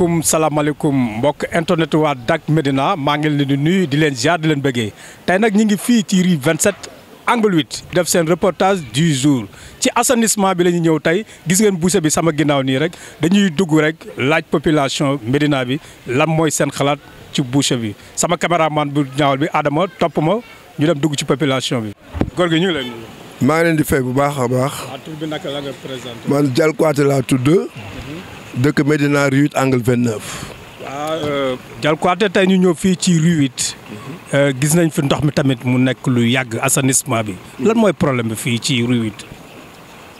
salaamaaleykum salaamaaleykum mbokk internet waa Dak Médina maa ngi leen di nuyu di leen jaar di leen bëggee tey nag ñu ngi fii ci rue 27 angle 8 def seen reportage du jour ci assainissement bi la ñu ñëw tey gis ngeen boucher bi sama ginnaaw nii rek dañuy dugg rek laaj population Médina bi lan mooy seen xalaat ci boucher bi sama caméraman bu ñaawal bi Adama topp ma ñu dem dugg ci population bi. góor gi ñu ngi maa ngi leen di fay bu baax a baax. Ah, tur bi naka la nga présenté. man Dial Kouate laa tudd. dëkk Médina rue 8 angle 29. waaw euh, Dialkouté tey ñu ñëw fii ci rue euh, gis nañ fi ndox mi tamit mu nekk lu yàgg assainissement bi. lan mooy problème bi fii ci rue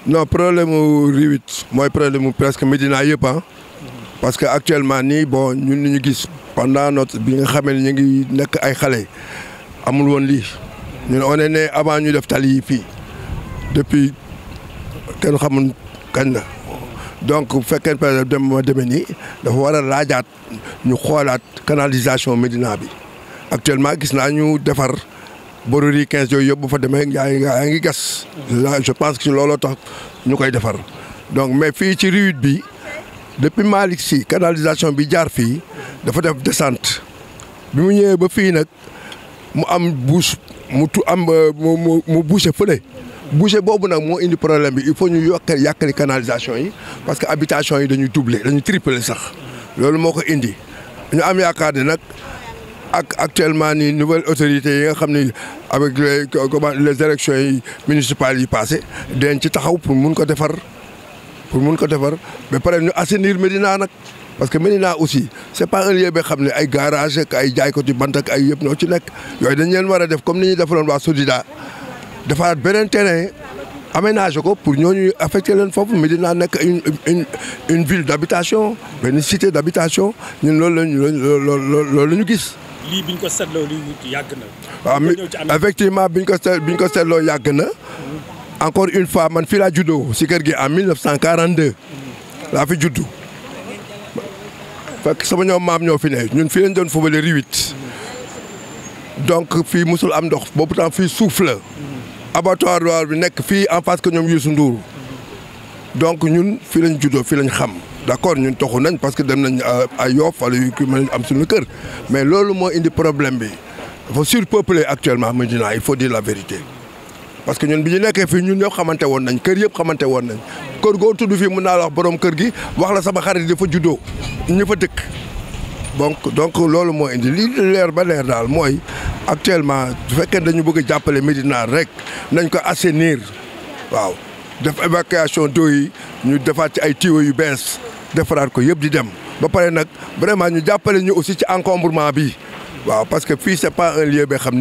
8. problème mu rue mooy problème mu presque Médina yëpp ah. parce que actuellement nii bon ñun li ñu gis pendant notre bi nga xamee ne ñu ngi nekk ay xale amul woon lii ñun on est né avant ñu def tali yi fii depuis kenn xamul kañ la. donc bu fekkee par dem ma demee ni dafa war a laajaat ñu xoolaat canalisation Médina bi actuellement gis naa ñu defar borori 15 yooyu yëpp bu fa demee yaa ngi gas. je pense que looloo tox ñu koy defar donc mais fii ci riwit bi depuis Malick Sy canalisation bi jaar fii dafa def descente bi mu ñëwee ba fii nag mu am bouche mu tu am mu mu bouché fële. boucher boobu nag moo indi problème bi il faut ñu yokkal yàkkali canalisation yi parce que habitation yi dañuy doubler dañuy tripler sax loolu moo ko indi ñu am yaakaar ne nag ak actuellement ni nouvelle autorité yi nga xam ni avec les comment les élections yi municipales yi passé dañ ci taxaw pour mun ko defar pour mun ko defar ba pare ñu assainir Médina nag parce que Médina aussi c'est pas un lieu xam ne ay garage ak ay jaaykoti bant ak ay yëpp ñoo ci nekk yooyu dañ leen war a def comme ni ñuy defaloon waa Sodida dafa beneen terrain aménagé ko pour ñooñu affecté leen foofu Médina nekk une une une ville d'habitation benn cité ñun loolu la ñu gis. lii bi ñu ko seetloo lii yàgg na. waaw effectivement bi ñu ko seet bi ñu ko seetloo yàgg na encore une fois man fii laa juddoo si kër gi en 1942 laa fi juddu fekk sama ñoom maam ñoo fi ne ñun fii lañ doon fubale riwit donc fii musul am ndox boobu tam fii suuf abattoir bi nekk fii en face que ñoom Youssou Ndour donc ñun fii lañ juddoo fii lañ xam d' accord ñun toxu nañ parce que dem nañ ay euh, Yoff wala yu kii mën am suñu kër mais loolu moo indi problème bi dafa surpeuplé actuellement Médina il faut dire la vérité parce que ñun bi ñu nekkee fii ñun ñëpp xamante woon nañ kër yëpp xamante woon nañ kër goo tudd fii mën naa la wax borom kër gi wax la sama xarit fa juddoo ñu fa dëkk. donc donc loolu moo indi li leer ba leer daal mooy actuellement bu fekkee dañu bëgg a jàppale Médina rek nañ ko assainir waaw def évacuation d'eau yi ñu defaat ci ay tuyaux yu bees defaraat ko yëpp di dem ba pare nag vraiment ñu jàppale ñu aussi ci encombrement bi waaw parce que fii c'est pas un lieu ba xam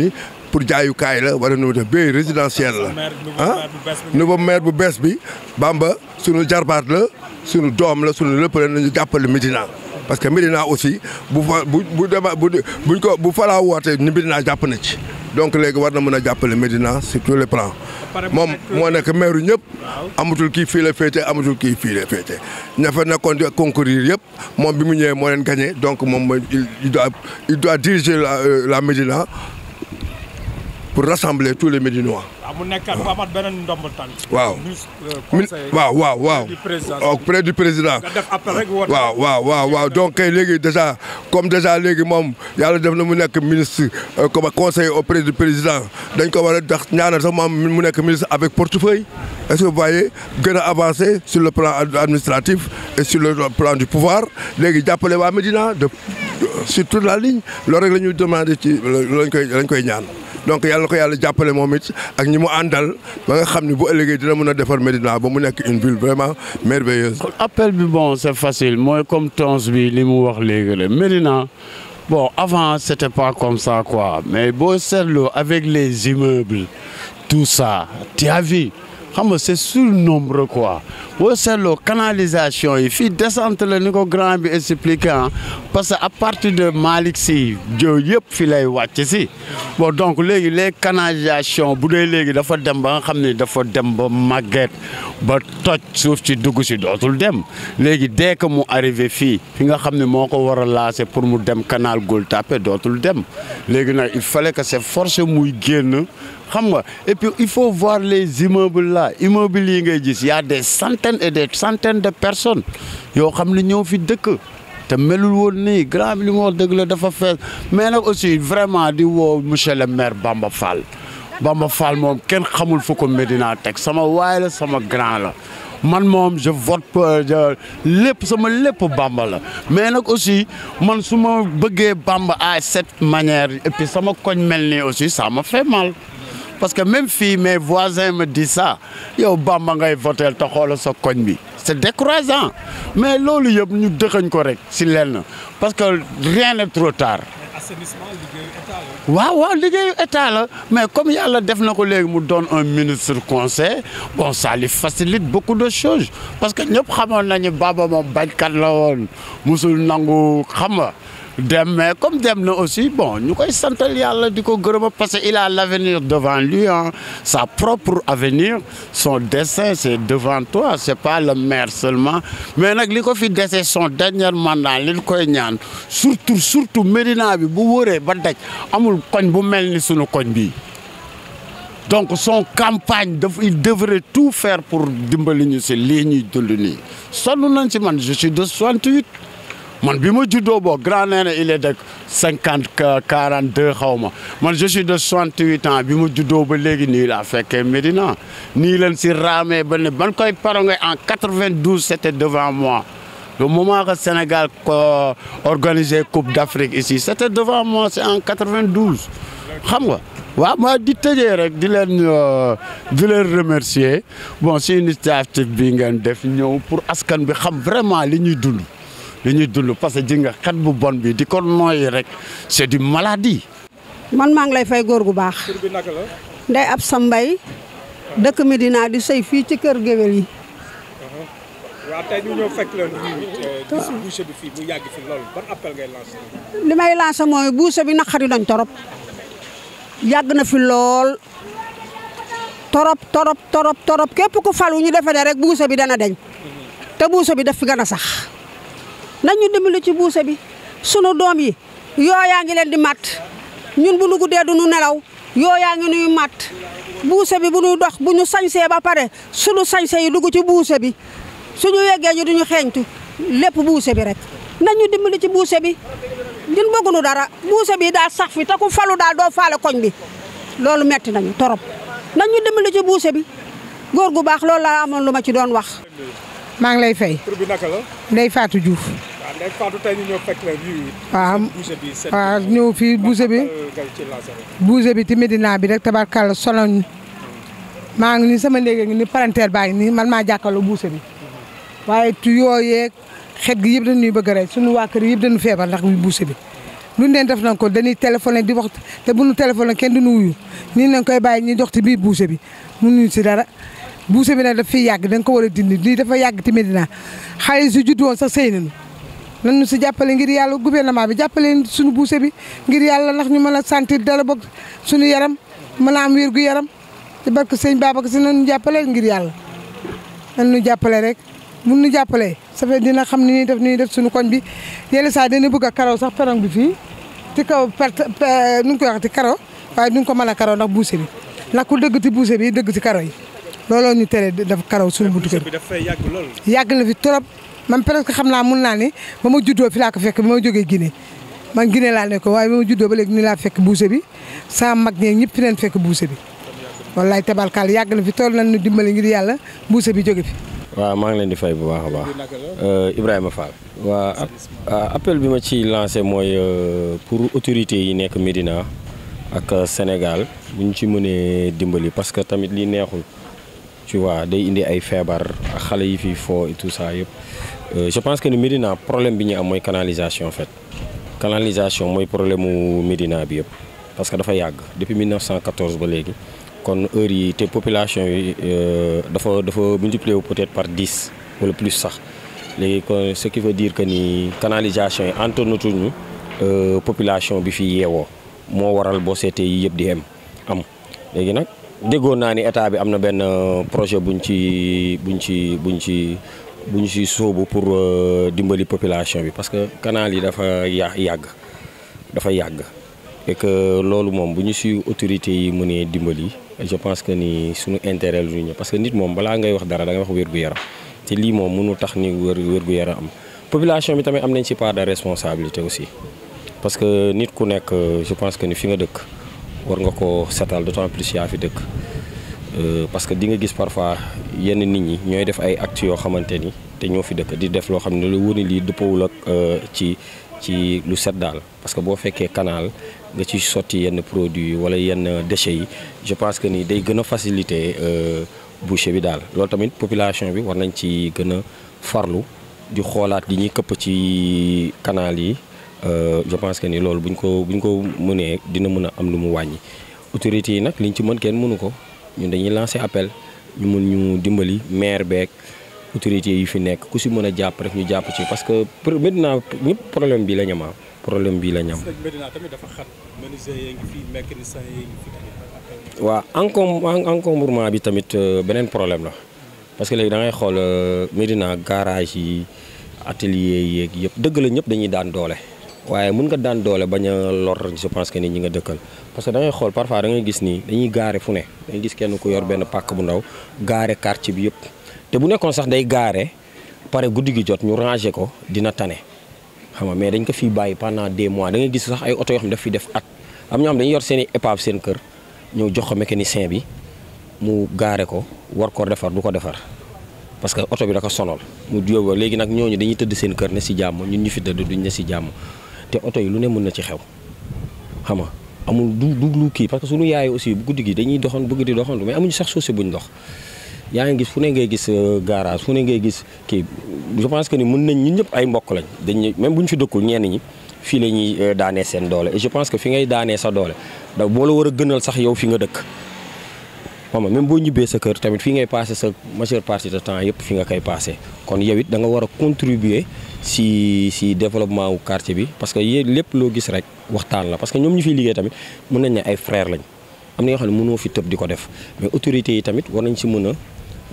pour jaayukaay la wala nu def résidentiel la ah nouveau maire bu bees bi Bamba sunu jarbaat la sunu doom la sunu lépp la nañu jàppale Medina parce que Médina aussi bu fa bu bu dema bu buñ ko bu falaa wootee ni Médina jàpp na ci donc léegi war na mën a jàppale Médina sur tous les plans moom moo nekk maire ñëpp amatul kii fii la féete amatul kii fii la féete ña fa nekkoon di concourir yëpp moom bi mu ñëwee moo leen gagné donc moom il doit il doit diriger la euh, la Médina pour rassembler tous les Médinois auprès euh, du président oh, donc comme déjà il y a def euh, comme conseiller auprès du président a avec portefeuille est-ce que vous voyez avancer avancé sur le plan administratif et sur le plan du pouvoir Medina, de sur toute la ligne le règle, demande donc yalla ko yalla le momit ak ñi andal ba nga xamni bu ëllëgee dina mëna a Médina ba mu nekk une ville vraiment merveilleuse. appel bi bon c'est facile moy comme tons bi limu wax léegi Médina bon avant c'était pas comme ça quoi mais bo seetloo avec les immeubles tout ça tu as vu xam nga c'est nombre quoi boo seetloo canalisation yi fii descente la ni ko grand bi expliqué parce que à partir de Malick si Diop yëpp fi lay wàcc si bon donc léegi les canalisations bu dee léegi dafa dem ba nga xam ne dafa dem ba màgget ba toj suuf ci dugg si dootul dem léegi dee que mu arrivé fii fi nga xam ne moo ko war a laase pour mu dem kanal Gueule Tapée dootul dem léegi nag il fallait que c'est forcé muy génn. xam nga et puis il faut voir les immeubles là immeubles yi ngay gis y des centaines et des centaines de personnes yoo xam ne ñoo fi dëkk te melul woon nii grand bi li mu wax la dafa fees mais nag aussi vraiment di woo monsieur le maire Bamba Fall Bamba Fall moom kenn xamul fu ko Médina teg sama waay la sama grand la man moom je vote pour lépp sama lépp Bamba la mais nag aussi man su ma bëggee Bamba à cette manière et puis sama koñ mel nii aussi ça m'a fait parce que même fii mes voisins me disent ça yow Bamba ngay votel te xoolal sa koñ bi c'est décourageant mais loolu yëpp ñu dëxañ ko rek si lenn parce que rien n'est trop tard. waaw waaw liggéeyu état la mais comme yàlla def na ko léegi mu donne un ministre conseil bon ça lui facilite beaucoup de choses parce que ñëpp xamoon nañu Bamba moom bañkat la woon musul nangu xam nga dem comme dem aussi bon santal yalla diko il a l'avenir devant lui hein, sa propre avenir son destin c'est devant toi c'est pas le maire seulement mais nak liko fi dese son dernier mandat li koy ñaan surtout surtout medina bi bu woré ba daj amul koñ bu melni suñu bi donc son campagne il devrait tout faire pour dimbali c'est si de ñuy je suis de 68 mon je suis de grand -nène, il est de 50, 42 ans. Moi, je suis de 68 ans. Je suis de l'église, a fait qu'un médina. Il est de en 92, c'était devant moi. Le moment que le Sénégal a organisé la Coupe d'Afrique ici, c'était devant moi, c'est en 92. Je sais pas. Moi, je dis que je les remercier. Bon, c'est une initiative pour Askan, vraiment, ce qu'ils dañuy dund parce que ji nga xat bu bon bi di ko nooyi rek c'est du maladie. man ma ngi lay fay gor gu bax tur ab sambay la. Medina di sey fi ci keur gewel yi. Uh-huh. wa tay ñu ñoo fekk leen fii uh, boucher bi fi mu yagg fi lool ban appel ngay lancer limay lancer moy mooy bi nakari nañ torop yagg na fi lool torop torop torop torop kep ku falu ñu defee rek boucher bi dana dañ mm-hmm. te boucher bi daf fi gëna sax. nañu dimbali ci buuse bi sunu doom yi yooyaa ngi leen di matt ñun bu nu guddee du nu nelaw yooyaa ngi nuy matt buuse bi bu nuy dox bu ñu sañsee ba pare sunu sañse yi dugg ci buuse bi suñu yeggee ñu duñu xeeñtu lépp buuse bi rek nañu dimbali ci buuse bi ñun bëggunu dara buuse bi daal sax fi te ku falu daal doo faale koñ bi loolu metti nañu torop nañu dimbali ci buuse bi góor gu baax loolu la amoon lu ma ci doon wax maa ngi lay fay tur bi naka waaw léegi Fatou tey ah, ah, ñëw fii bouse bi euh, bouse bi ti Medina bi rek tabarkàlla soloñ hmm. maa ngi ni sama néeg ngi ni parenteer baay nii man maa jàkkaarloo bouse bi hmm. waaye tu yooyeeg xet gi yëpp dañuy bëgg rek suñu waa kër yëpp dañu feebar ndax bouse bi luñ leen def nañ ko dañuy téléphoné di wax te bu ñu kenn duñu wuyu nii nañ koy bàyyi ñuy dox ci biir bouse bi mënuñu si dara bouse bi nag daf fiy yàgg da ko war a dindi lii dafa yàgg ti Medina xale yi su judd woon sax sëy Nunu si jappalé ngir yalla gouvernement bi jappalé suñu busi bi ngir yalla nak ñu mëna a sentir dala bok suñu yaram mëna am wér gu yaram ci barku señ baba nunu ci nañu jappalé ngir yalla nañu jappalé rek mënu jappalé sa ça fait dina xam ni def ni def suñu koñ bi yenn sa dina bëgg sax bi fi ci kaw ñu ko wax ci karaw waaye duñ ko mëna karaw bi nak ku dëgg ci bi dëgg ci karaw yi lolo ñu tere def karaw suñu buntu kër yag na fi torop man presque xamna mën na ni bama juddo fi la ko fekk bama joge guiné man guiné la nekkoon waaye bama juddo ba léegi ni la fekk bousé bi sa mag ñee ñepp fi len fekk bousé bi wallaay tabarkaal yag na fi tol na ñu dimbali ngir yalla bousé bi joge fi. wa ma ngi len di fay bu baax a euh Ibrahima Fall. wa euh, appel bi ci lancer moy euh, pour autorité yi nekk medina ak euh, Sénégal bu ñu ci mëne dimbali parce que tamit li neexul tu vois day indi ay feebar xalé yi fi fo et tout ça yépp Euh, je pense que ni Médina problème bi ñu am mooy canalisation en fait canalisation mooy problème mu Médina bi yëpp parce que dafa yàgg depuis 1914 ba léegi kon heure yi te population yi euh, dafa dafa multiplier wu peut-être par 10 wala plus sax léegi ko ce qui veut dire que ni canalisation yi entonatuñu euh, population bi fi yeewoo moo waral boo seetee yi yëpp di am am léegi nag déggoon naa ni état bi am na benn projet buñ ci buñ ci buñ ci bu ñu si sóobu pour euh, dimbali population bi parce que kanaal yi dafa ya yàgg dafa yàgg et que loolu moom bu ñu si autorité yi mu mënee dimbali je pense que ni suñu intérêt lu ñu parce que nit moom balaa ngay wax dara da wax wér-gu-yaram te lii moom mënu tax ni wér wér-gu-yaram am population bi tamit am nañ ci part de responsabilité aussi parce que nit ku nekk je pense que ni fi nga dëkk war nga ko setal d'autant plus yaa fi dëkk Euh, parce que di nga gis parfois yenn nit ñi ñoy def ay acte yo xamanteni té ñoo fi dëkk di def lo xamné lu wone li du pawul ak euh, ci ci lu set dal parce que bo féké canal nga ci sotti yenn produit wala yenn déchets yi je pense que ni day gëna faciliter euh boucher bi dal lool tamit population bi war nañ ci gëna farlu di xolaat di ñi këpp ci canal yi euh, je pense que ni lool buñ ko buñ ko mënee dina mëna am lu mu wañi autorité yi liñ ci mën kenn mënu ko ñun dañuy lancer appel ñu mën ñu dimbali maire beeg autorité yi fi nek ku ci mëna japp rek ñu japp ci parce que Médina ñep problème bi la ñam ah, problème bi la ñam waaw encom encombrement bi tamit euh, benen problème la parce que léegi da ngay xol euh, medina garage yi atelier ak yëpp deug la ñep dañuy daan doole waye mën nga daan doole bañ a lor je pense que ni ñi nga dëkkal parce que da ngay xool parfois da ngay gis ni dañuy gaare fu ne dañuy gis kenn ku yor benn pàkk bu ndaw gaare quartier bi yëpp te bu nekkoon sax day gaare pare guddi gi jot ñu ranger ko dina tane xam nga mais dañ ko fiy bàyyi pendant des mois da ngay gis sax ay oto yoo xam daf fi def at am ñoo xam dañuy yor seen i épave seen kër ñëw jox ko mécanicien bi mu gaare ko war ko defar du ko defar parce que oto bi da ko sonol mu yóbbu léegi nag ñooñu dañuy tëdd seen kër ne si jàmm ñun ñu fi tëdd duñ ne si jàmm te oto yi lu ne mën na ci xew xam nga amul dug du lu kii parce que suñu yaay aussi bu guddi gi dañuy doxoon bëgg di doxantu mais amuñu sax suuf buñ dox yaa ngi gis fu ne ngay gis euh, garage fu ne ngay gis kii je pense que ni mën nañ ñi ñëpp ay mbokk lañ dañ même bu ñu fi dëkkul ñenn ñi fii la ñuy euh, daanee seen doole je pense que fi ngay daanee sa doole da boo la war a gënal sax yow fi nga dëkk xam même boo ñibbee sa kër tamit fi ngay passé sa majeure partie de temps yëpp fi nga koy passé kon yow it da war a contribuer si si développement wu quartier bi parce que yéen lépp loo gis rek waxtaan la parce que ñoom ñu fiy liggéey tamit mun nañ ne ay frère lañ am na yoo xam ne mënoo fi tëb di ko def mais autorité yi tamit war nañ si mën a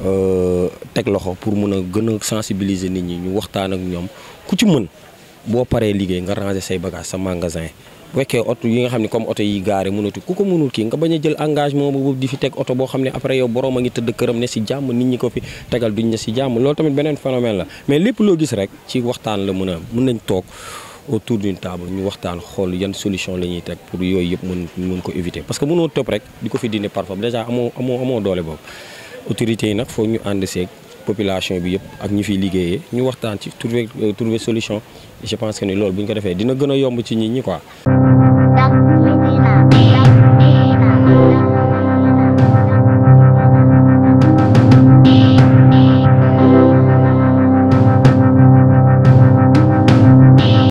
euh, teg loxo pour mun a gën a sensibiliser nit ñi ñu waxtaan ak ñoom ku ci mën boo paree liggéey nga ranger say bagages sa magasin. bu fekkee oto yi nga xam ne comme oto yi gaare mënatu ku ko mënul kii nga bañ a jël engagement boobu di fi teg oto boo xam ne après yow borom a ngi tëdd këram ne si jàmm nit ñi ko fi tegal duñ ne si jàmm loolu tamit beneen phénomène la mais lépp loo gis rek ci waxtaan la mën a mën nañ toog autour d'une table ñu waxtaan xool yan solution la ñuy teg pour yooyu yëpp mën mën ko éviter parce que mënoo tëb rek di ko fi dindi parfois déjà amoo amoo amoo doole boobu autorité yi nag foog ñu ànd seeg population bi yëpp ak ñi fi liggéeyee ñu waxtaan ci trouver trouver solution je pense que ni lool buñ ko défé dina gëna yomb ci nit ñi quoi